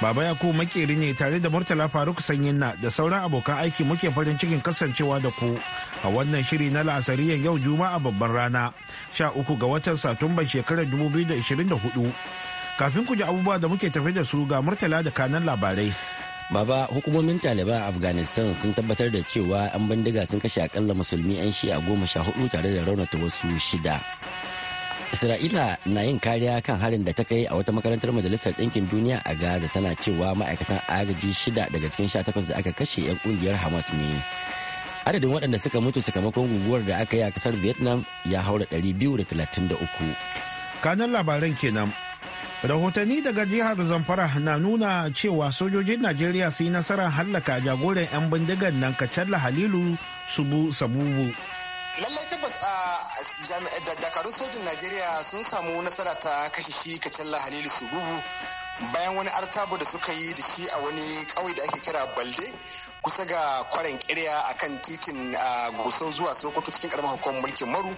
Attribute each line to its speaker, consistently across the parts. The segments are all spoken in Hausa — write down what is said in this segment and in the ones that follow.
Speaker 1: Baba Yakubu makeri ne tare da Murtala Faruk Sanyinna da sauran abokan aiki muke farin cikin kasancewa da ku a wannan shiri na la'asariyar yau Juma'a babban rana sha uku ga watan satumba shekarar 2024. Kafin ku ji abubuwa da muke tafi da su ga Murtala da kanan labarai.
Speaker 2: Baba hukumomin Taliban a Afghanistan sun tabbatar da cewa 'yan bindiga sun kashe akalla musulmi 'yan shi'a goma sha hudu tare da raunata wasu shida. Isra'ila na yin kariya kan harin da ta kai a wata makarantar Majalisar Ɗinkin Duniya a Gaza tana cewa ma'aikatan agaji shida daga cikin sha takwas da aka kashe 'yan kungiyar Hamas ne.
Speaker 1: Adadin waɗanda suka mutu sakamakon guguwar da aka yi a kasar Vietnam ya haura uku. Kanan labaran kenan. Rahotanni daga jihar Zamfara na nuna cewa sojojin Najeriya su yi nasarar hallaka jagoran 'yan bindigar nan Kacalla Halilu Subu Sabubu.
Speaker 3: Lallai tabbas a ah, da dakarun sojin najeriya sun samu nasara ta kashe shi kacalla halilu gugu bayan wani artabu da suka yi da shi a wani kawai da ake kira balde kusa ga kwarin kirya a kan titin goso zuwa sokoto cikin karamar hukumar mulkin maru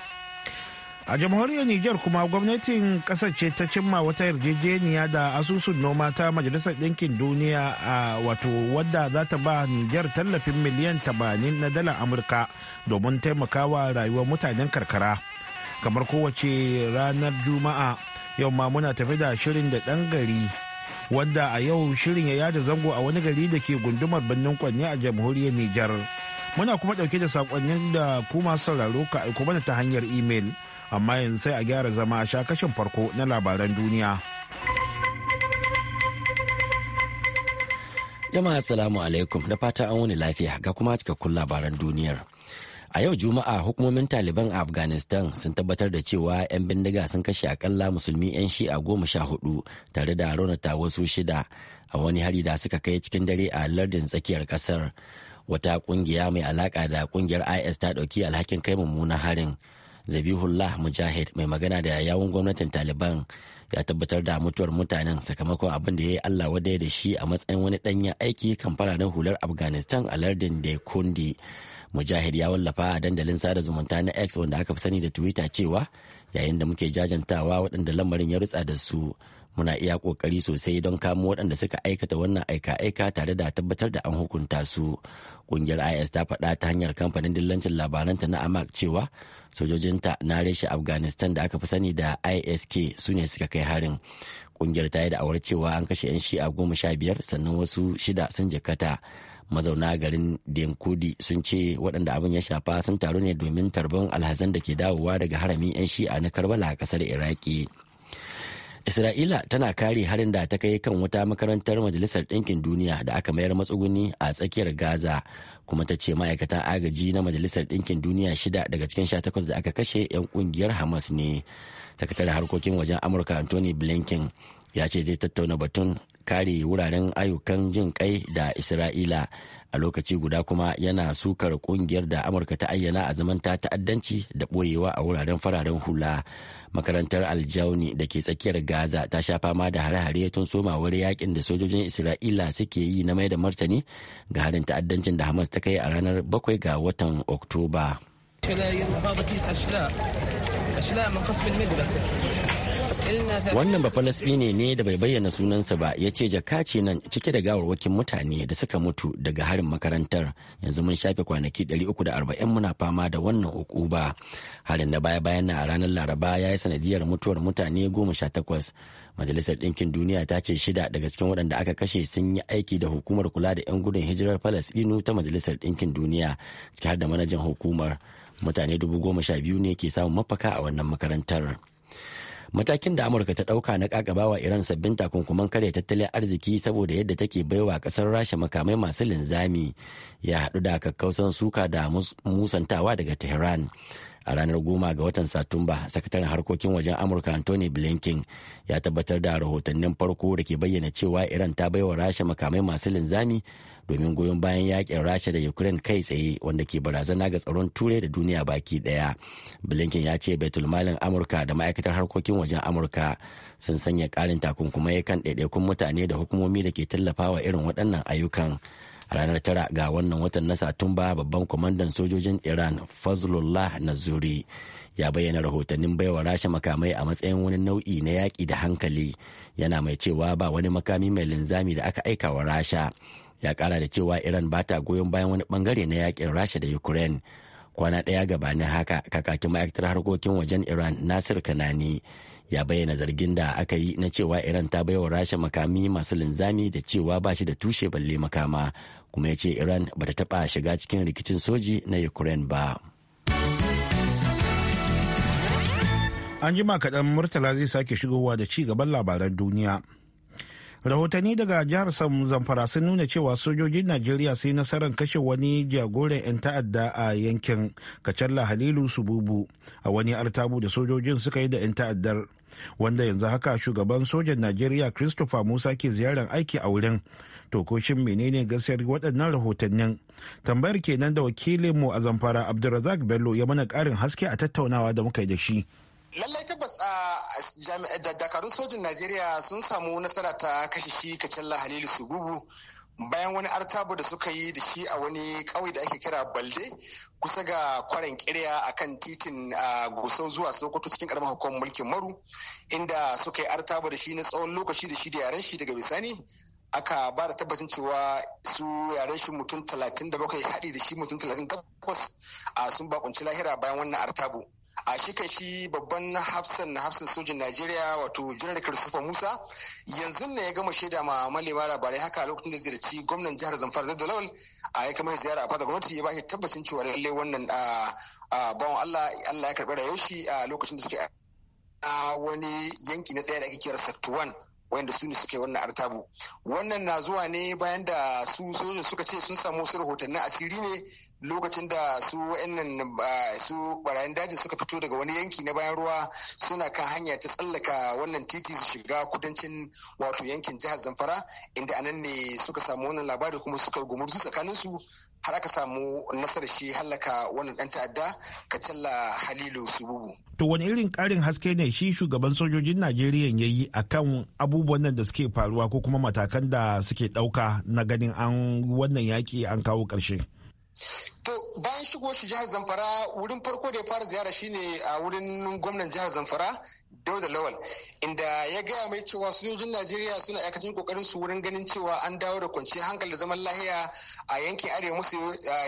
Speaker 1: a jamhuriyar niger kuma gwamnatin kasar ce ta cimma wata yarjejeniya da asusun noma ta majalisar ɗinkin duniya a wato wadda za ta ba niger tallafin miliyan 80 na dalar amurka domin taimakawa rayuwar mutanen karkara kamar kowace ranar juma'a yau ma muna tafi da shirin da ɗan gari wanda a yau shirin ya yada zango a wani gari da ke gundumar birnin kwanne a jamhuriyar nijar muna kuma ɗauke da sakonnin da kuma sauraro ka aiko mana ta hanyar imel amma yanzu sai a gyara zama a sha kashin farko na labaran duniya jama'a salamu alaikum da fata an wani lafiya ga kuma cikakkun
Speaker 2: labaran duniyar A yau Juma'a hukumomin Taliban a Afghanistan sun tabbatar da cewa 'yan bindiga sun kashe akalla musulmi 'yan shi'a goma sha hudu tare da raunata wasu shida a wani hari da suka kai cikin dare a lardin tsakiyar kasar. Wata kungiya mai alaka da kungiyar IS ta dauki alhakin kai mummunan harin. Zabihullah Mujahid mai magana da yawun gwamnatin Taliban ya tabbatar da mutuwar mutanen sakamakon abin da ya yi Allah wadai da shi a matsayin wani danyen aiki kan na hular Afghanistan a lardin da kundi mujahid ya wallafa a dandalin sada zumunta na x wanda aka fi sani da twitter cewa yayin da muke jajantawa waɗanda lamarin ya rutsa da su muna iya kokari sosai don kamo waɗanda suka aikata wannan aika-aika tare da tabbatar da an hukunta su ƙungiyar is ta faɗa ta hanyar kamfanin dillancin labaranta na amak cewa sojojinta na reshe afghanistan da aka fi sani da isk su ne suka kai harin ƙungiyar ta yi da awar cewa an kashe 'yan shi'a goma sha biyar sannan wasu shida sun jikkata mazauna garin denkudi sun ce waɗanda abin ya shafa sun taru ne domin tarbon alhazan da ke dawowa daga haramin 'yan shi'a na karbala a ƙasar iraki isra'ila tana kare harin da ta kai kan wata makarantar majalisar ɗinkin duniya da aka mayar matsuguni a tsakiyar gaza kuma ta ce ma'aikatan agaji na majalisar ɗinkin duniya shida daga cikin sha takwas da aka kashe 'yan ƙungiyar hamas ne sakataren harkokin wajen amurka anthony blinken ya ce zai tattauna batun kare wuraren ayyukan jin kai da isra'ila a lokaci guda kuma yana sukar kungiyar da amurka ta ayyana a zaman ta ta'addanci da boyewa a wuraren fararen hula makarantar aljauni da ke tsakiyar gaza ta sha fama da hare-hare tun somawar yakin da sojojin isra'ila suke yi na mai da martani ga harin ta'addancin da hamas ta kai a ranar 7 ga watan oktoba. wannan ba bafalasɗine ne da bai bayyana sunansa ba ya ce jaka ce nan cike da gawarwakin mutane da suka mutu daga harin makarantar yanzu mun shafe kwanaki 340 muna fama da wannan uku ba. harin na baya bayan na ranar laraba ya yi sanadiyar mutuwar mutane 18 majalisar ɗinkin duniya ta ce shida daga cikin waɗanda aka kashe sun yi aiki da hukumar kula da 'yan gudun hijirar falasɗinu ta majalisar ɗinkin duniya ciki har da manajan hukumar mutane dubu goma sha biyu ne ke samun mafaka a wannan makarantar matakin da amurka ta dauka na ƙaƙabawa iran sabbin takunkuman karya tattalin arziki saboda yadda take baiwa ƙasar rasha makamai masu linzami ya hadu da kakkausan suka da musantawa daga tehran a ranar goma ga watan satumba sakataren harkokin wajen amurka anthony blinken ya tabbatar da rahotannin farko da ke bayyana cewa iran ta baiwa rasha makamai masu linzami domin goyon bayan yakin rasha da ukraine kai tsaye wanda ke barazana ga tsaron turai da duniya baki daya blinken ya ce baitulmalin amurka da ma'aikatar harkokin wajen amurka sun sanya karin takunkumai kan ɗaiɗaikun mutane da hukumomi da ke tallafawa irin waɗannan ayyukan a ranar tara ga wannan watan na satumba babban kwamandan sojojin iran fazlullah nazuri ya bayyana rahotannin baiwa rasha makamai a matsayin wani nau'i na yaƙi da hankali yana mai cewa ba wani makami mai linzami da aka aika wa rasha ya kara da cewa iran ba ta goyon bayan wani bangare na yakin rasha da ukraine kwana ɗaya gabanin haka kakakin ma'aikatar harkokin wajen iran nasir kanani ya bayyana zargin da aka yi na cewa iran ta baiwa rasha makami masu linzami da cewa ba shi da tushe balle makama kuma ya ce iran ba ta taɓa shiga cikin rikicin
Speaker 1: soji na ukraine ba an jima kaɗan murtala zai sake shigowa da ci gaban labaran duniya rahotanni daga jihar sam zamfara sun nuna cewa sojojin najeriya sai nasarar kashe wani jagoran 'yan ta'adda a yankin kacalla halilu sububu a wani artabu da sojojin suka yi da 'yan ta'addar wanda yanzu haka shugaban sojan najeriya christopher musa ke ziyarar aiki a wurin tokoshin menene gaskiyar waɗannan rahotannin tambayar kenan da wakilinmu a zamfara abdulrazak bello ya mana ƙarin haske a tattaunawa da muka yi da shi
Speaker 3: lallai tabbas a dakarun sojin najeriya sun samu nasara ta kashe shi kacalla halilu sububu bayan wani artabu da suka yi da shi a wani ƙauye da ake kira balde kusa ga kwarin kirya a kan titin gusau zuwa sokoto cikin karamar hukumar mulkin maru inda suka yi artabu da shi na tsawon lokaci da shi da yaren shi daga bisani aka ba da tabbacin cewa su yaren shi mutum talatin da bakwai haɗi da shi mutum talatin takwas sun bakunci lahira bayan wannan artabo a shi kai shi babban hafsan na hafsan sojin najeriya wato janar Kirsufa musa yanzu ne ya gama shaida ma malema labarai haka a lokacin da ziyarci gwamnan jihar zamfara da lawal a ya kama ziyara a fadar gwamnati ya ba shi tabbacin cewa lallai wannan bawan allah allah ya karɓi rayuwar shi a lokacin da suke a wani yanki na ɗaya da ake kira sector wanda su ne suke wannan artabu wannan na zuwa ne bayan da su sojin suka ce sun samu wasu rahotannin asiri ne lokacin da su wa'annan su barayin dajin suka fito daga wani yanki na bayan ruwa suna kan hanya ta tsallaka wannan titi su shiga kudancin wato yankin jihar zamfara inda anan ne suka samu wannan labari kuma suka gumurzu tsakanin su har aka samu nasarar shi hallaka wannan dan ta'adda kacalla halilu sububu
Speaker 1: to wani irin karin haske ne shi shugaban sojojin najeriya ya yi akan abu abubuwan nan da suke faruwa ko kuma matakan da suke ɗauka na ganin an wannan yaƙi an kawo ƙarshe?
Speaker 3: To bayan shigo shi jihar Zamfara wurin farko da ya fara ziyara shine a wurin gwamnan jihar Zamfara dauda lawal inda ya gaya mai cewa sojojin najeriya suna aikacin kokarin su wurin ganin cewa an dawo da kwanciyar hankali zaman lahiya a yankin arewa musu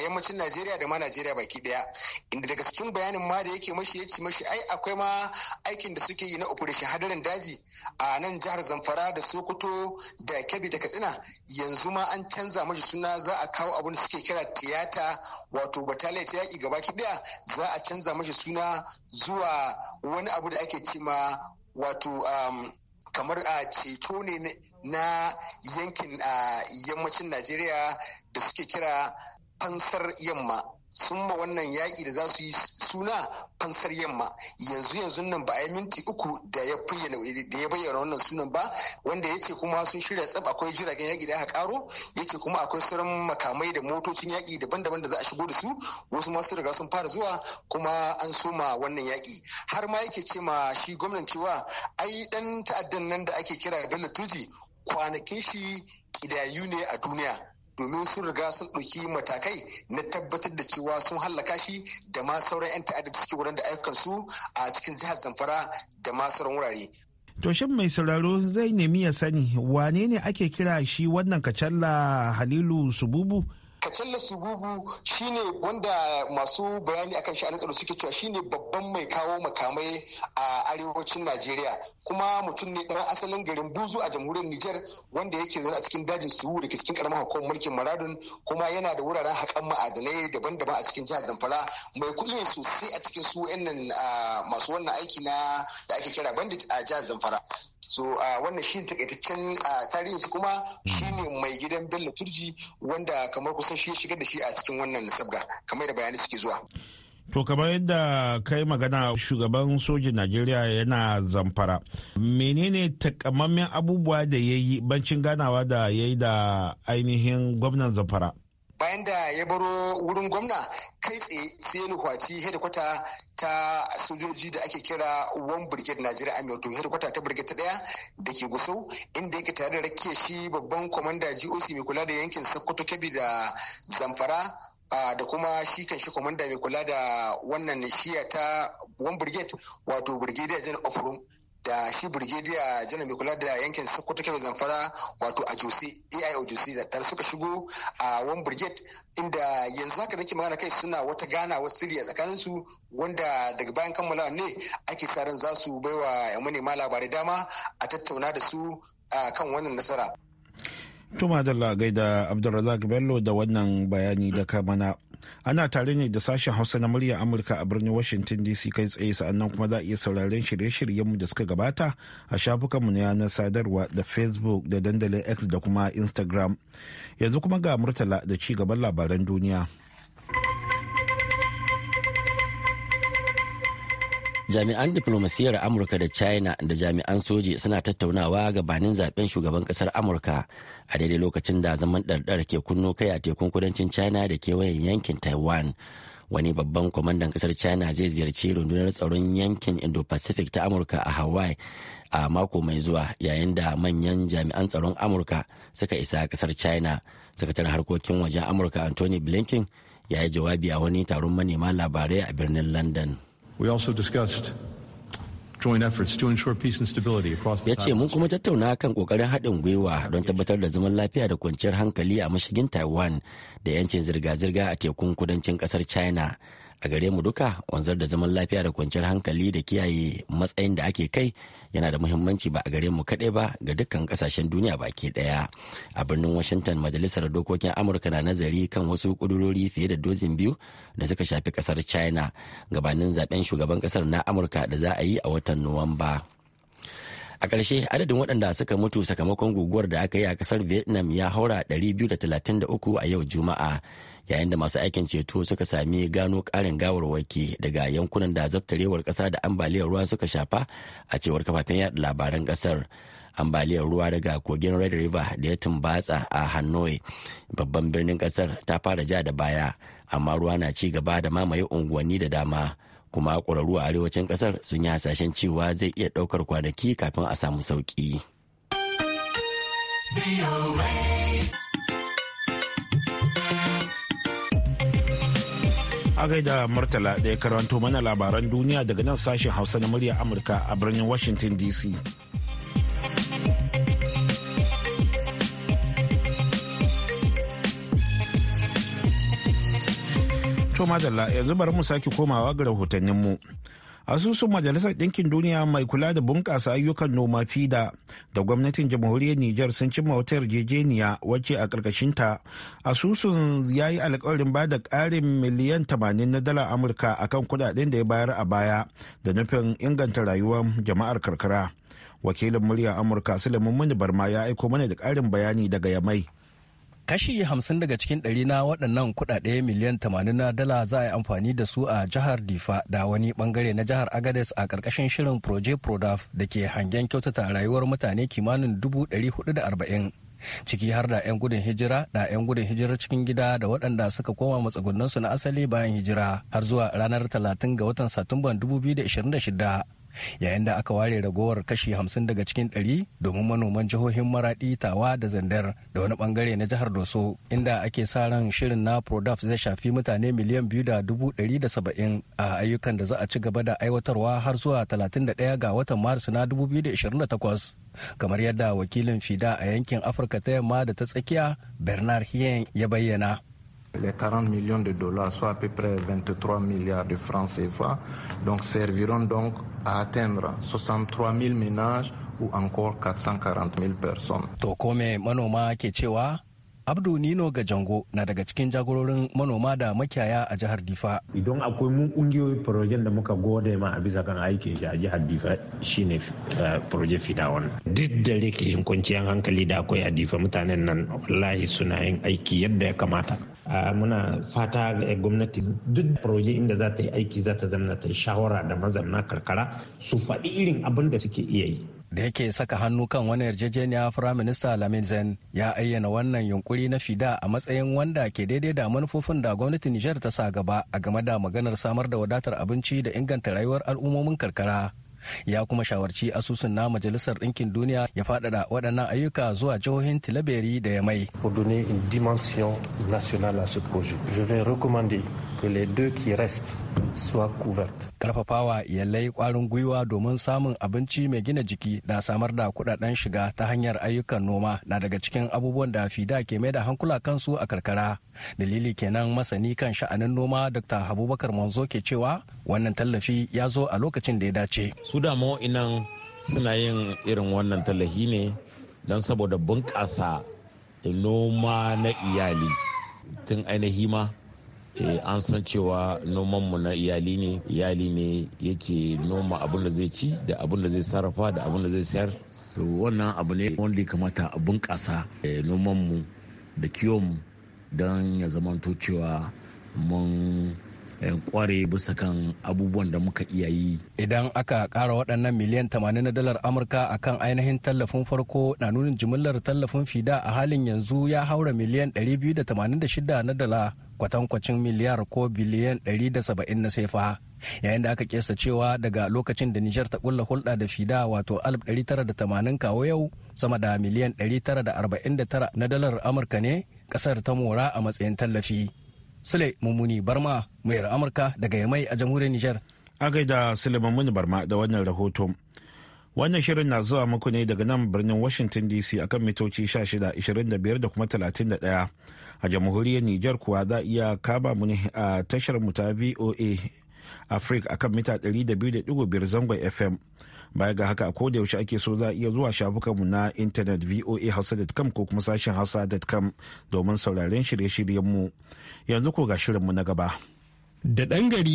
Speaker 3: yammacin najeriya da ma najeriya baki daya inda daga cikin bayanin ma da yake mashi ya ce mashi ai akwai ma aikin da suke yi na operation hadarin daji a nan jihar zamfara da sokoto da kebbi da katsina yanzu ma an canza mashi suna za a kawo abin da suke kira tiyata wato Bataliya ta yaki gaba daya za a canza mashi suna zuwa wani abu da ake cima wato um, kamar a uh, ceto ne na yankin a uh, yammacin najeriya da suke kira fansar yamma sun ma wannan yaƙi da za su yi suna fansar yamma yanzu yanzu nan ba a yi minti uku da ya bayyana wannan sunan ba wanda ya ce kuma sun shirya tsab akwai jiragen yaƙi da aka karo ya ce kuma akwai sauran makamai da motocin yaƙi daban-daban da za a shigo da su wasu masu riga sun fara zuwa kuma an soma wannan yaƙi har ma yake ce ma shi gwamnan cewa ai dan ta'addan nan da ake kira Bello Tuji kwanakin shi kidayu ne a duniya domin sun riga sun ɗauki matakai na tabbatar da cewa sun hallaka shi da ma sauran 'yan ta'adda da suke wurin da su a cikin jihar zamfara da ma sauran wurare
Speaker 1: To shin mai sauraro zai nemi ya sani wane ne ake kira shi wannan kacalla Halilu Sububu
Speaker 3: kacalla shi shine wanda masu bayani akan shi sha'anin tsaro suke cewa ne babban mai kawo makamai a arewacin najeriya kuma mutum ne dan asalin garin buzu a jamhuriyar Nijar wanda yake zana a cikin dajin suwu da cikin karamar hukumar mulkin maradun kuma yana da wuraren haƙan ma'adanai daban-daban a cikin jihar zamfara mai kuɗi sosai a cikin su ah, masu wannan aiki na da ake kira bandit a jihar zamfara so a wannan shi takaitaccen tarihin shi kuma shine hmm. mai gidan bello turji wanda kamar kusan shi ya shigar da shi a cikin wannan sabga kamar da bayani suke zuwa
Speaker 1: To kamar yadda kai magana shugaban sojin Najeriya yana zamfara. Menene takamammen abubuwa da ya yi bancin ganawa da ya yi da ainihin gwamnan zamfara?
Speaker 3: bayan da ya baro wurin gwamna kai tsaye sai ya nuhwaci hedikwata ta sojoji da ake kira one brigade Najeriya Army wato hedikwata ta brigade ta daya da ke gusau inda yake tare da rake shi babban kwamanda GOC mai kula da yankin Sokoto Kebbi da Zamfara da kuma shi kan shi kwamanda mai kula da wannan shiya ta one brigade wato brigadier general of da shi birgidiya janar mai kula da yankin sokoto kebe zamfara wato a jose ai ojc da tare suka shigo a one brigade inda yanzu haka nake magana kai suna wata gana wasu siriya tsakanin su wanda daga bayan kammala ne ake sa ran za su baiwa manema labarai dama a tattauna da su kan wannan nasara.
Speaker 1: Tuma da gaida Abdulrazak Bello da wannan bayani da ka mana. Ana tare ne da sashen Hausa na murya Amurka a birnin Washington DC kai tsaye sa'annan kuma za a iya sauraren shirye-shiryenmu da suka gabata a shafukanmu na yanar sadarwa da Facebook da dandalin X da kuma Instagram. Yanzu kuma ga Murtala da ci gaban labaran duniya. Jami'an diflomasiyyar
Speaker 2: Amurka da China da jami'an soji suna tattaunawa gabanin zaben shugaban kasar Amurka a daidai lokacin da zaman ɗarɗar ke kunno kai a tekun kudancin china da kewayen yankin taiwan wani babban kwamandan kasar china zai ziyarci rundunar tsaron yankin indo-pacific ta amurka a hawaii a mako mai zuwa yayin da manyan jami'an tsaron amurka suka isa kasar china sakataren harkokin wajen amurka anthony blinken ya yi jawabi a wani taron manema labarai a birnin london we also ya ce mun kuma tattauna kan kokarin haɗin gwiwa don tabbatar da zaman lafiya da kwanciyar hankali a mashigin taiwan da 'yancin zirga-zirga a tekun kudancin ƙasar china a gare mu duka wanzar da zaman lafiya da kwanciyar hankali da kiyaye matsayin da ake kai yana da muhimmanci ba a gare mu kaɗai ba ga dukkan kasashen duniya baki ɗaya a birnin washington majalisar dokokin amurka na nazari kan wasu ƙudurori fiye da dozin biyu da suka shafi ƙasar china gabanin zaben shugaban ƙasar na amurka da za a yi a watan nuwamba. a ƙarshe adadin waɗanda suka mutu sakamakon guguwar da aka yi a ƙasar vietnam ya haura 233 a yau juma'a yayin da masu aikin ceto suka sami gano ƙarin gawarwaki daga yankunan da zaftarewar ƙasa da ambaliyar ruwa suka shafa a cewar kafafen yada labaran ƙasar ambaliyar ruwa daga kogin red river da ya tumbatsa a hanoi babban birnin ƙasar ta fara ja da baya amma ruwa na ci gaba da mamaye unguwanni da dama kuma ƙwararru a arewacin ƙasar sun yi hasashen cewa zai iya ɗaukar kwanaki kafin a samu sauƙi.
Speaker 1: A gaida Murtala ya karanto mana labaran duniya daga nan sashen Hausa na murya Amurka a birnin Washington DC. To madalla yanzu bari mu sake komawa ga rahotanninmu. Asusun Majalisar Ɗinkin Duniya mai kula da bunƙasa ayyukan noma fida da gwamnatin jamhuriyar Nijar sun cimma wata yarjejeniya wacce a ta asusun ya yi alƙawarin ba da ƙarin miliyan tamanin na dala Amurka a kan kuɗaɗen da ya bayar a baya da nufin inganta rayuwar jama'ar karkara. Wakilin murya Amurka Sulaiman Muni Barma ya aiko mana da ƙarin bayani daga Yamai. kashi hamsin daga cikin ɗari na waɗannan kuɗaɗe miliyan tamanin na dala
Speaker 4: za a yi amfani da su a jihar difa da wani bangare na jihar agades a ƙarƙashin shirin proje prodaf da ke hangen kyautata rayuwar mutane kimanin dubu ɗari hudu da arba'in ciki har da 'yan gudun hijira da 'yan gudun hijirar cikin gida da waɗanda suka koma matsugunansu na asali bayan hijira har zuwa ranar talatin ga watan satumban 2026 yayin da aka ware ragowar kashi hamsin daga cikin ɗari domin manoman jihohin maraɗi tawa da zandar da wani bangare na jihar doso inda ake sa ran shirin na prodaf zai shafi mutane miliyan biyu da dubu ɗari da saba'in a ayyukan da za a ci gaba da aiwatarwa har zuwa talatin da ɗaya ga watan maris na dubu biyu da ishirin da takwas kamar yadda wakilin fida a yankin afirka ta yamma da ta tsakiya bernard hien ya bayyana
Speaker 3: Les 40 millions de dollars, soit à peu près 23 milliards de francs CFA, donc serviront donc à atteindre 63 000 ménages ou encore 440 000 personnes.
Speaker 4: Tokome kome manoma ke cewa Abdu Nino Gajango na daga cikin jagororin manoma da makiyaya a Jahar
Speaker 1: Difa. Idan akwai mun kungiyoyi projen da muka gode ma a bisa kan aikin shi a jihar Difa shine eh, proje fida wannan. Duk da rikihin kwanciyar hankali da akwai a Difa mutanen nan wallahi suna yin aiki yadda ya kamata. muna fata ga gwamnati duk proje inda za ta yi aiki za ta zamana ta yi shawara da mazamna karkara su faɗi irin
Speaker 4: abin da suke iya yi da yake saka hannu kan wani yarjejeniya firaminista lamin zen ya ayyana wannan yunkuri na fida a matsayin wanda ke daidai da manufofin da gwamnatin nijar ta sa gaba a game da maganar samar da wadatar abinci da inganta rayuwar al'ummomin karkara ya kuma shawarci asusun na majalisar ɗinkin duniya ya faɗaɗa waɗannan ayyuka zuwa jihohin tilaberi da mai. Pour donner une dimension nationale à ce projet, je vais recommander que les deux qui restent soient couvertes. Karfafawa iyalai kwarin gwiwa domin samun abinci mai gina jiki da samar da kudaden shiga ta hanyar ayyukan noma na daga cikin abubuwan da fida ke mai da hankula kansu a karkara. Dalili kenan masani kan sha'anin noma Dr. Abubakar Manzo ke cewa wannan tallafi ya zo a lokacin da ya dace.
Speaker 1: Su da
Speaker 2: inan suna yin irin wannan tallafi ne don saboda bunƙasa noma na iyali tun ainihi ma Eh, an san cewa nomanmu na iyali ne iyali ne yake noma abin da zai ci da abin da zai sarrafa da abin da zai sayar to wannan abu ne wanda ya kamata a bunƙasa eh, mu da kiwonmu don ya zamanto cewa mun kware eh, bisa kan abubuwan da muka iya yi.
Speaker 4: Idan aka ƙara waɗannan miliyan 80 na dalar Amurka a kan ainihin tallafin farko na nunin jimillar tallafin fida a halin yanzu ya haura miliyan 286 na dala kwatankwacin miliyar ko biliyan 170 na sefa yayin da aka kesa cewa daga lokacin da Nijar ta kulla hulɗa da fida wato 1980 kawo yau sama da miliyan 949 na dalar Amurka ne kasar ta mora a matsayin tallafi. Sule Mummuni Barma,
Speaker 1: mayar Amurka daga Yamai a jamhuriyar Nijar. A gaida Sule Mummuni Barma da wannan rahoton. Wannan shirin na zuwa muku ne daga nan birnin Washington DC akan mitoci 1625 da kuma 31. A jamhuriyar Nijar kuwa za iya kaba mu a tashar mu ta VOA Africa akan mita 200.5 zangon FM. Baya ga haka ko da yaushe ake so za iya zuwa shafukanmu na intanet voahausa.com ko kuma sashen hausa.com domin sauraren shirye-shiryenmu. Yanzu ko ga shirinmu na gaba.
Speaker 3: Da ɗan gari.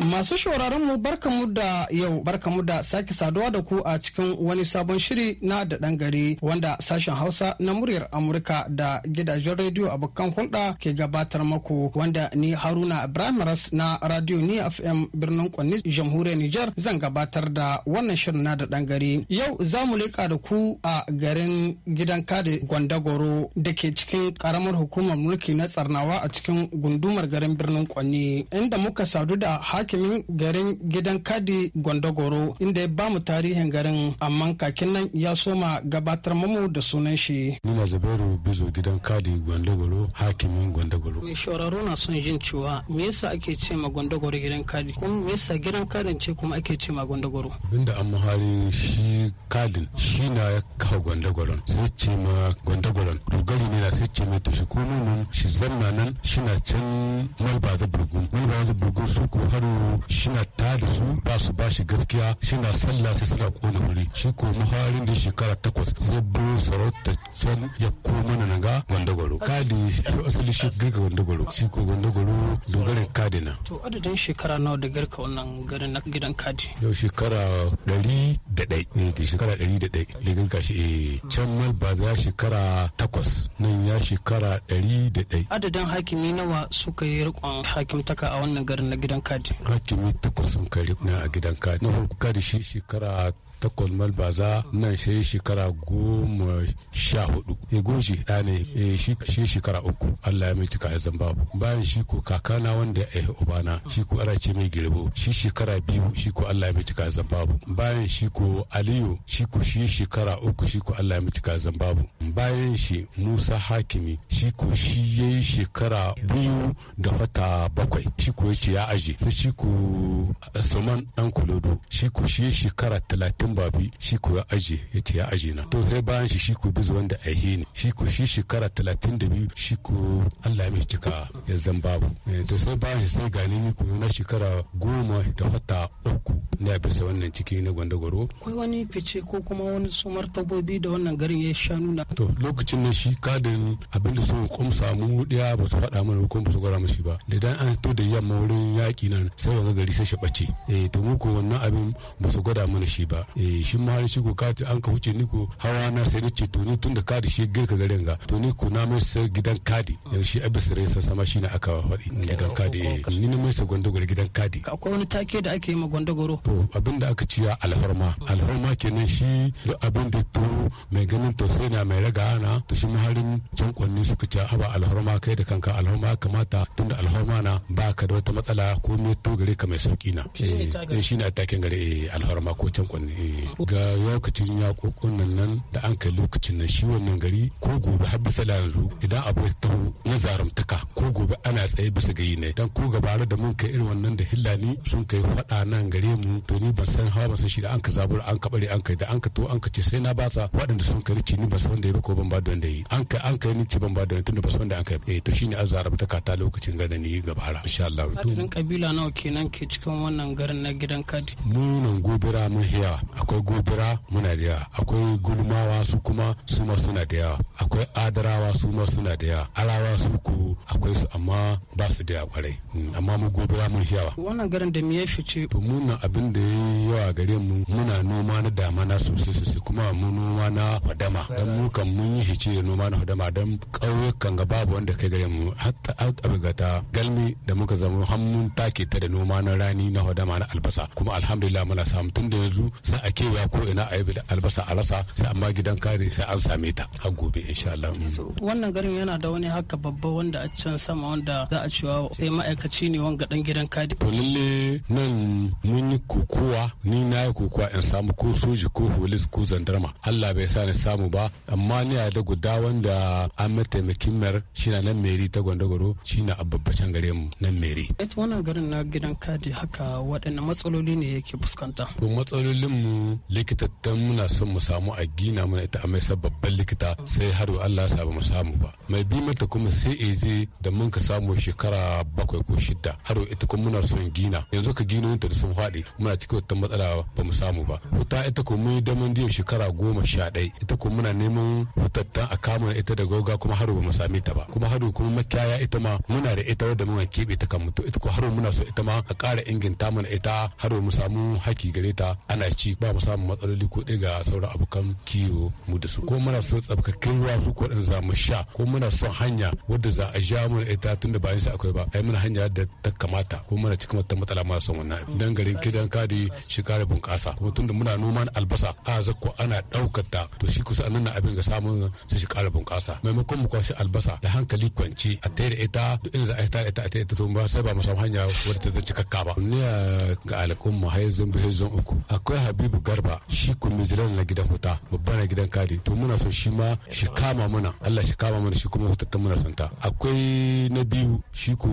Speaker 5: Masu shauraron mu barkamu da yau barkamu da sake saduwa da ku a cikin wani sabon shiri na da gari wanda sashen Hausa na muryar Amurka da gidajen rediyo abokan hulɗa ke gabatar maku wanda ni Haruna Ibrahim Ras na Radio Ni FM birnin Kwanni jamhuriyar Nijar zan gabatar da wannan shirin na da gari. Yau za mu leƙa da ku a garin gidan kade Gwandagoro da ke cikin ƙaramar hukumar mulki na Tsarnawa a cikin gundumar garin birnin Kwanni inda muka sadu da hakimin garin gidan kadi gondogoro inda ya ba mu tarihin garin amma kakin nan ya soma gabatar
Speaker 6: mamu da sunan shi nuna zabaru bizo gidan kadi gondogoro hakimin gondogoro mai
Speaker 5: shawararru na son jin cewa me yasa ake ce ma gondogoro gidan kadi kuma me yasa gidan kadin ce kuma ake ce ma gondogoro
Speaker 6: inda amma hari shi kadin shi na ya kawo gondogoro sai ce ma gondogoro dogari ne na sai ce mai to shi ko nan shi zanna nan shi na can malba da burgu malba da burgu su ko har shina ta da su ba su ba shi gaskiya shina sallah sai suna kone wuri shi ko muharin da shekara takwas zai bu sarauta can ya koma na naga gwandagwaro kadi shi asali shi girka gwandagwaro shi ko gwandagwaro dogarin kadi na.
Speaker 5: to adadin shekara nawa da girka wannan garin na gidan
Speaker 6: kadi. yau shekara dari da ɗai ne eh, da shekara dari da ɗai da girka shi eh, can mal ba za shekara takwas nan ya shekara dari da ɗai.
Speaker 5: adadin hakimi nawa suka yi riƙon hakimtaka a wannan garin na gidan kadi.
Speaker 6: hakimi takwas sun kari na a gidan kari na farko kari shi shekara takwas malbaza nan shi shekara goma sha hudu e goji da ne e, shi shekara uku allah ya mai cika zan babu bayan shi ko kakana wanda ya eh, yi ubana shi ko ana ce mai girbo shi shekara biyu shi ko allah ya mai cika zan babu bayan shi ko aliyu shi ko shi shekara uku shi ko allah ya mai cika zan babu bayan shi musa hakimi shi ko shi ya yi shekara biyu da fata bakwai shi ko ya ce ya aje sai shi shi Asoman eh, dan kulodo shi shi shekara talatin babi shi ko ya aje ya ce ya aje na to sai bayan shi shi ko bizu wanda aihe ne shi shi shekara talatin da biyu shi ko allah ya mai cika ya zan babu eh, to sai bayan shi sai gani ni ku na shekara goma da wata uku na bisa wannan ciki na gwandagwaro.
Speaker 5: akwai wani fice ko kuma wani sumar tabobi da wannan garin
Speaker 6: ya sha nuna. to lokacin na shi kadin abin da sun kumsa mu ɗaya ba su faɗa mana ko ba su gwada mashi ba da dan an to da yamma wurin yaƙi nan sai ga gari sai shi bace eh to mu ko wannan abin ba su gwada mana shi ba eh shi ma har shi ko ka an ka huce ni ko hawa na sai ni ce to ni tun da kadi shi girka garin ga to ni ko na mai sai gidan kadi yau shi abis rai sa sama shi ne aka faɗi gidan kadi eh, ni na mai sa gwandagoro gidan kadi akwai wani take da ake yi ma gwandagoro to abin da aka ciya alfarma alfarma kenan shi duk abin da to mai ganin to sai na mai raga ana to shi maharin can kwanni suka ci haba alfarma kai da kanka alfarma kamata tun da alfarma na ba ka da wata matsala ko me to fito gare ka mai sauki na eh shi na takin gare eh, alfarma ko can kwanne eh. ga lokacin yakokun nan nan da an kai lokacin nan shi wannan gari ko gobe har bisa yanzu idan abu ya taho na zaramtaka ko gobe ana tsaye bisa gayi ne dan ko gabara da mun kai irin wannan da hillani sun kai fada nan gare mu to ni ban san hawa ban san shi da an ka zabura an ka bare an kai da an ka to an ka ce sai na basa waɗanda sun kai ni ban san wanda ya ko ban ba da wanda yi an kai an kai ni ci ban ba da wanda tunda ban san wanda an kai eh to ne azara ta lokacin ganin da ni gabara insha Allah to
Speaker 5: kabila nawa kenan ke cikin wannan garin na gidan kadi
Speaker 6: mu nan gobira mun yawa akwai gobira muna da yawa akwai gulmawa su kuma su ma suna da yawa akwai adarawa su ma suna da yawa alawa su ku akwai su amma ba su da kwarai mm, amma mu gobira mun yawa wannan garin da mu ya fice to mu nan abin da ya yawa gare mu muna noma na damana sosai sosai kuma mu noma na fadama dan mu kan mun yi hice noma na fadama dan ƙauyukan ga babu wanda kai gare mu hatta abin ta galmi da muka zama hannun take ta da noma na rani na hadama na albasa kuma alhamdulillah muna samu tun da yanzu sai a kewaya ko ina a yi albasa a rasa sai amma gidan kare sai an same ta har gobe insha Allah.
Speaker 5: Wannan garin yana da wani haka babba wanda a can sama wanda za a ciwa sai ma'aikaci ne wanga dan gidan kadi. To
Speaker 6: lalle nan mun yi kokowa ni na yi kokowa in samu ko soji ko polis ko zandarma Allah bai sa ni samu ba amma ni a da guda wanda an mataimakin mayar shi na nan meri ta gwandagoro shi na ababbacin gare mu nan meri.
Speaker 5: gidan kadi haka waɗanne matsaloli ne yake fuskanta
Speaker 6: to matsalolin mu likitattan muna son mu samu a gina mana ita a mai babban likita sai har Allah ya saba mu samu ba mai bi mata kuma sai eje da mun ka samu shekara bakwai ko shida har ita kuma muna son gina yanzu ka gina ta sun faɗi muna cikin wata matsala ba mu samu ba huta ita ko mun da mun shekara goma sha ɗaya ita ko muna neman hutattan a kama ita da gauga kuma har ba mu same ta ba kuma har kuma makiyaya ita ma muna da ita wadda muka keɓe ta kan mutu ita ko har muna so ita ma kuma a ƙara inganta mana ita har mu samu haki gare ta ana ci ba mu samu matsaloli ko ɗaya ga sauran abokan kiwo mu da su ko muna so tsabkakkin ruwa su ko za mu sha ko muna son hanya wadda za a ja mana ita tun da ba nisa akwai ba ai muna hanya da ta kamata ko muna cikin wata matsala muna son wannan dan garin kidan kadi shi ƙara bunƙasa kuma tun da muna noman albasa a zakko ana ɗaukar ta to shi kusa nan na abin ga samun su shi ƙara bunƙasa maimakon mu kwashi albasa da hankali kwance a tare ita duk inda za a tare ita a tare ita to ba sai ba mu samu hanya wadda ta zan cikakka ba ne ga al'umma har yanzu bai zan uku akwai habibu garba shi kuma jiran na gidan huta babban na gidan kadi to muna son shi ma shi kama muna Allah shi kama muna shi kuma hutatta muna son ta akwai na biyu shi ku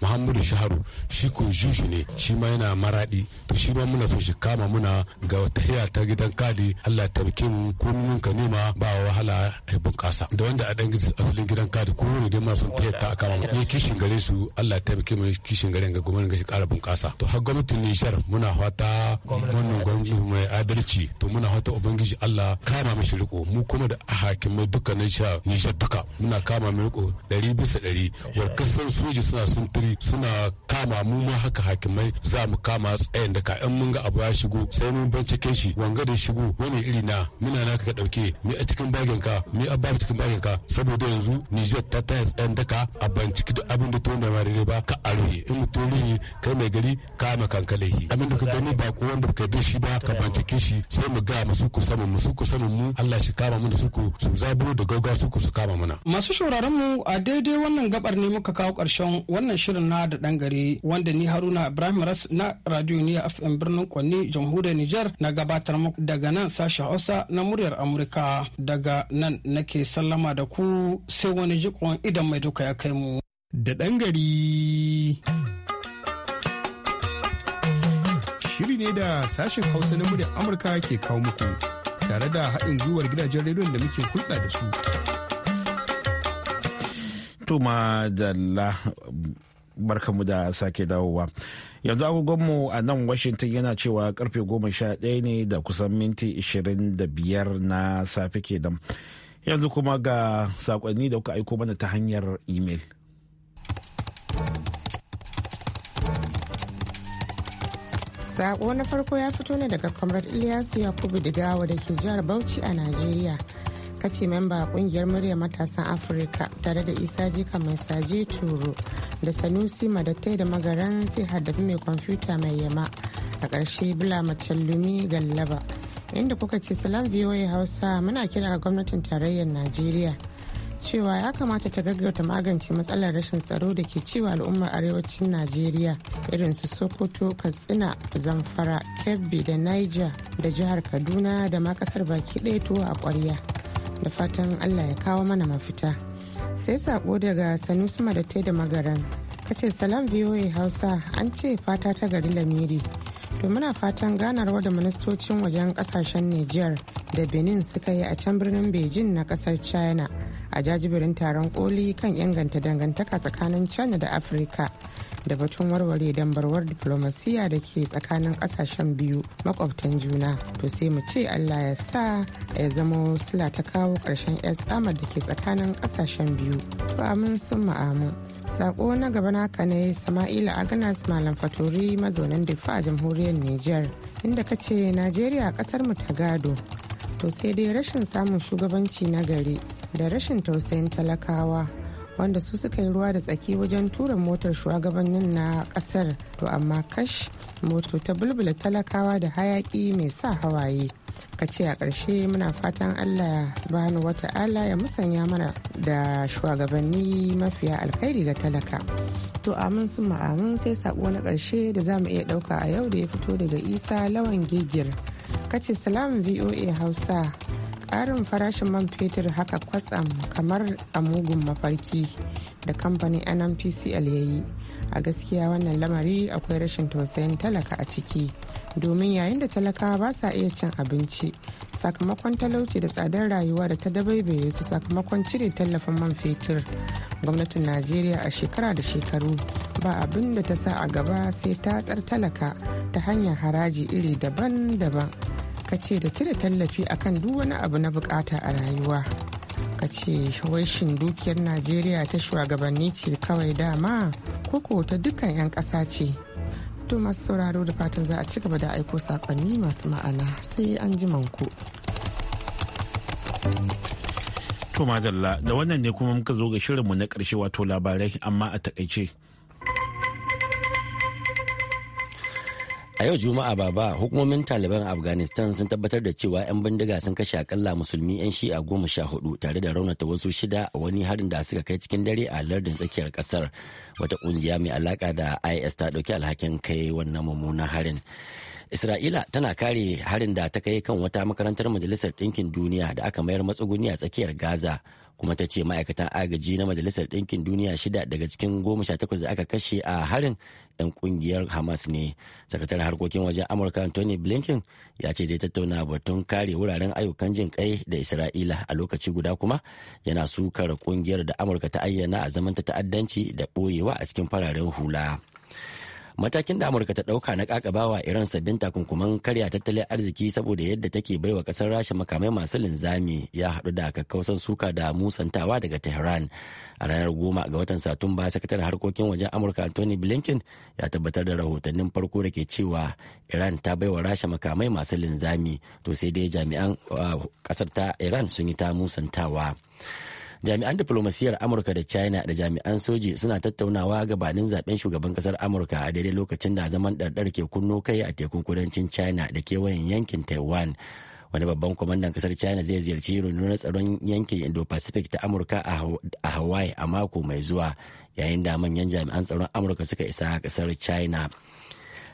Speaker 6: muhammadu shaharu shi ku juju ne shi ma yana maradi to shi ma muna son shi kama muna ga tahiya ta gidan kadi Allah ya taimake mu ko mun ka nema ba wahala ya bunƙasa da wanda a dan asalin gidan kadi ko ne dai muna son tahiya ta kama mu ne kishin gare su Allah ya kin mu kishin gare ga wani gashi kara bunƙasa to har gwamnatin Nijar muna fata wannan gwamnati mai adalci to muna fata ubangiji Allah kama mishi riko mu kuma da hakimai dukkanin sha Nijar duka muna kama mai riko ɗari bisa ɗari warkasan soji suna sintiri suna kama mu ma haka hakimai za mu kama tsayin da ka mun ga abu ya shigo sai mun bincike shi wanga da shigo wani iri na muna naka ka ɗauke mi a cikin bagin ka mi a babu cikin bagin ka saboda yanzu Nijar ta taya tsayin daka a binciki duk abin da to da ba ka arhe in mutum ne kai mai gari ka ma kanka laihi abinda ka gani ba ko wanda ka bi shi ba ka bancike shi sai mu ga musu ku samu mu su ku samu mu Allah shi kama mu su ku su zaburo da gauga su ku su kama mana
Speaker 5: masu sauraron mu a daidai wannan gabar ne muka kawo karshen wannan shirin na da dan gari wanda ni Haruna Ibrahim Ras na Radio Niya FM birnin Kwanni jamhuriyar Nijar na gabatar muku daga nan sashen Hausa na muryar Amurka daga nan nake sallama da ku sai wani jikon idan mai duka ya kai mu da ɗan
Speaker 3: gari. shiri ne da sashen hausa na muryar amurka ke kawo muku tare da haɗin gwiwar gidajen rediyon da muke hulɗa da su
Speaker 1: tuma da barkamu da sake dawowa yanzu agogonmu a nan washington yana cewa karfe 11 ne da kusan minti 25 na safe kenan yanzu kuma ga sakonni da kuka aiko mana ta hanyar imel.
Speaker 7: Sako na farko ya fito ne daga kamar Ilyasu Yakubu Digawa da ke jihar Bauchi a Najeriya. kace memba kungiyar murya matasan afirka tare da isa jika mai saje turo da sanusi madattai da magaran sai haddadu mai kwamfuta mai yama a ƙarshe bula macallumi gallaba inda kuka ci salam voa hausa muna kira ga gwamnatin tarayyar najeriya cewa ya kamata ta gaggauta magance matsalar rashin tsaro da ke cewa al'ummar arewacin najeriya irin su sokoto katsina zamfara kebbi da niger da jihar kaduna da ma kasar baki ɗaya tuwo a ƙwarya da fatan allah ya kawo mana mafita sai sako daga sanusi madatai da magaran kace salam voa hausa an ce fata ta gari lamiri to muna fatan ganarwa da ministocin wajen kasashen Nijar. da benin suka yi a can birnin beijing na kasar china a jajibirin taron koli kan inganta dangantaka tsakanin china da afirka da batun warware barwar diplomasiya da ke tsakanin kasashen biyu makwabtan juna to sai mu ce allah ya sa ya zama sila ta kawo karshen yar tsamar da ke tsakanin kasashen biyu to amin sun ma'amu sako na gaba naka ne sama'ila agnes malam fatori mazaunin difa a jamhuriyar niger inda ka ce najeriya kasar mu ta gado to sai dai rashin samun shugabanci na gari da rashin tausayin talakawa wanda su suka yi ruwa da tsaki wajen tura motar shugabannin na kasar to amma kash moto ta bulbula talakawa da hayaki mai sa hawaye ka ce a karshe muna fatan allah wata allah ya musanya mana da shugabanni mafiya alkhairi ga talaka to amin sun ma'amin sai sako na ƙarshe da za mu iya ɗauka a yau da ya fito daga isa lawan gigir kace salamun voa hausa ƙarin farashin man fetur haka kwatsam kamar a mugun mafarki da kamfanin nnpcl ya yi a gaskiya wannan lamari akwai rashin tausayin talaka a ciki domin yayin da talakawa ba sa iya cin abinci sakamakon talauci da tsadar rayuwa da ta dabaibaye su sakamakon cire tallafin man fetur gwamnatin najeriya a shekara da shekaru ba abin da ta sa a gaba sai ta tsar talaka ta hanyar haraji iri daban-daban ka ce da cire tallafi akan duk wani abu na bukata a rayuwa ka ce shawaishin dukiyar najeriya ta shugabanni ce kawai dama koko ta dukkan 'yan ƙasa ce to masu sauraro da fatan za a ci gaba da aiko sakonni masu ma'ana sai an ji manku.
Speaker 1: To madalla da wannan ne kuma muka zo ga shirinmu na karshe wato labarai amma a takaice. a yau juma'a baba
Speaker 2: hukumomin taliban afghanistan sun tabbatar da cewa 'yan bindiga sun kashe akalla musulmi 'yan shi'a goma sha hudu tare da raunata wasu shida a wani harin da suka kai cikin dare a lardin tsakiyar kasar wata kungiya mai alaka da is ta dauki alhakin kai wannan mummunan harin Isra'ila tana kare harin da ta kai kan wata makarantar Majalisar Ɗinkin Duniya da aka mayar matsuguni a tsakiyar Gaza kuma ta ce ma'aikatan agaji na majalisar ɗinkin duniya shida daga cikin goma sha takwas da aka kashe a harin 'yan kungiyar hamas ne sakataren harkokin wajen amurka anthony blinken ya ce zai tattauna batun kare wuraren ayyukan jin kai da isra'ila a lokaci guda kuma yana sukar kungiyar da amurka ta ayyana a zaman ta'addanci da ɓoyewa a cikin fararen hula. matakin da amurka ta dauka na kakabawa iran sabbin takunkuman karya tattalin arziki saboda yadda take baiwa kasar rasha makamai masu linzami ya hadu da kakkausan suka da musantawa daga tehran a ranar goma ga watan satumba sakataren harkokin wajen amurka anthony blinken ya tabbatar da rahotannin farko da ke cewa iran ta baiwa rasha makamai masu linzami to sai dai jami'an kasar uh, ta iran sun yi ta musantawa jami'an diplomasiyyar amurka da china da jami'an soji suna tattaunawa gabanin zaben shugaban kasar amurka a daidai lokacin da zaman ɗarɗar ke kunno kai a tekun kudancin china da kewayen yankin taiwan wani babban kwamandan kasar china zai ziyarci rundunar tsaron yankin indo-pacific ta amurka a hawaii a mako mai zuwa yayin da manyan jami'an tsaron amurka suka isa kasar china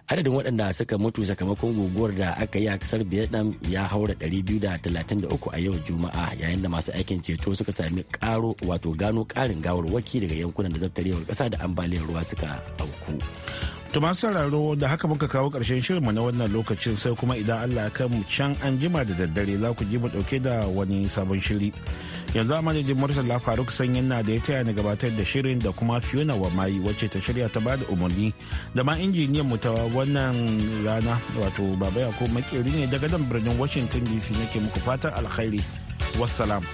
Speaker 2: adadin waɗanda suka mutu sakamakon guguwar da aka yi a kasar vietnam ya haura 233 a yau juma'a yayin da masu aikin ceto suka sami karo wato gano ƙarin waki daga yankunan da zartarewar ƙasa da ambaliyar
Speaker 1: ruwa suka auku tuma sauraro da haka muka kawo karshen shirinmu na wannan lokacin sai kuma idan Allah ya mu can an jima da daddare za ku ji mu dauke da wani sabon shiri. Yanzu a madadin Murtala Faruk Sanyin na da ya taya ni gabatar da shirin da kuma Fiona wa mayi wacce ta shirya ta bada umarni da ma injiniyan mu ta wannan rana wato Baba ko Makeri ne daga nan birnin Washington DC nake muku fatan alkhairi. Wassalam.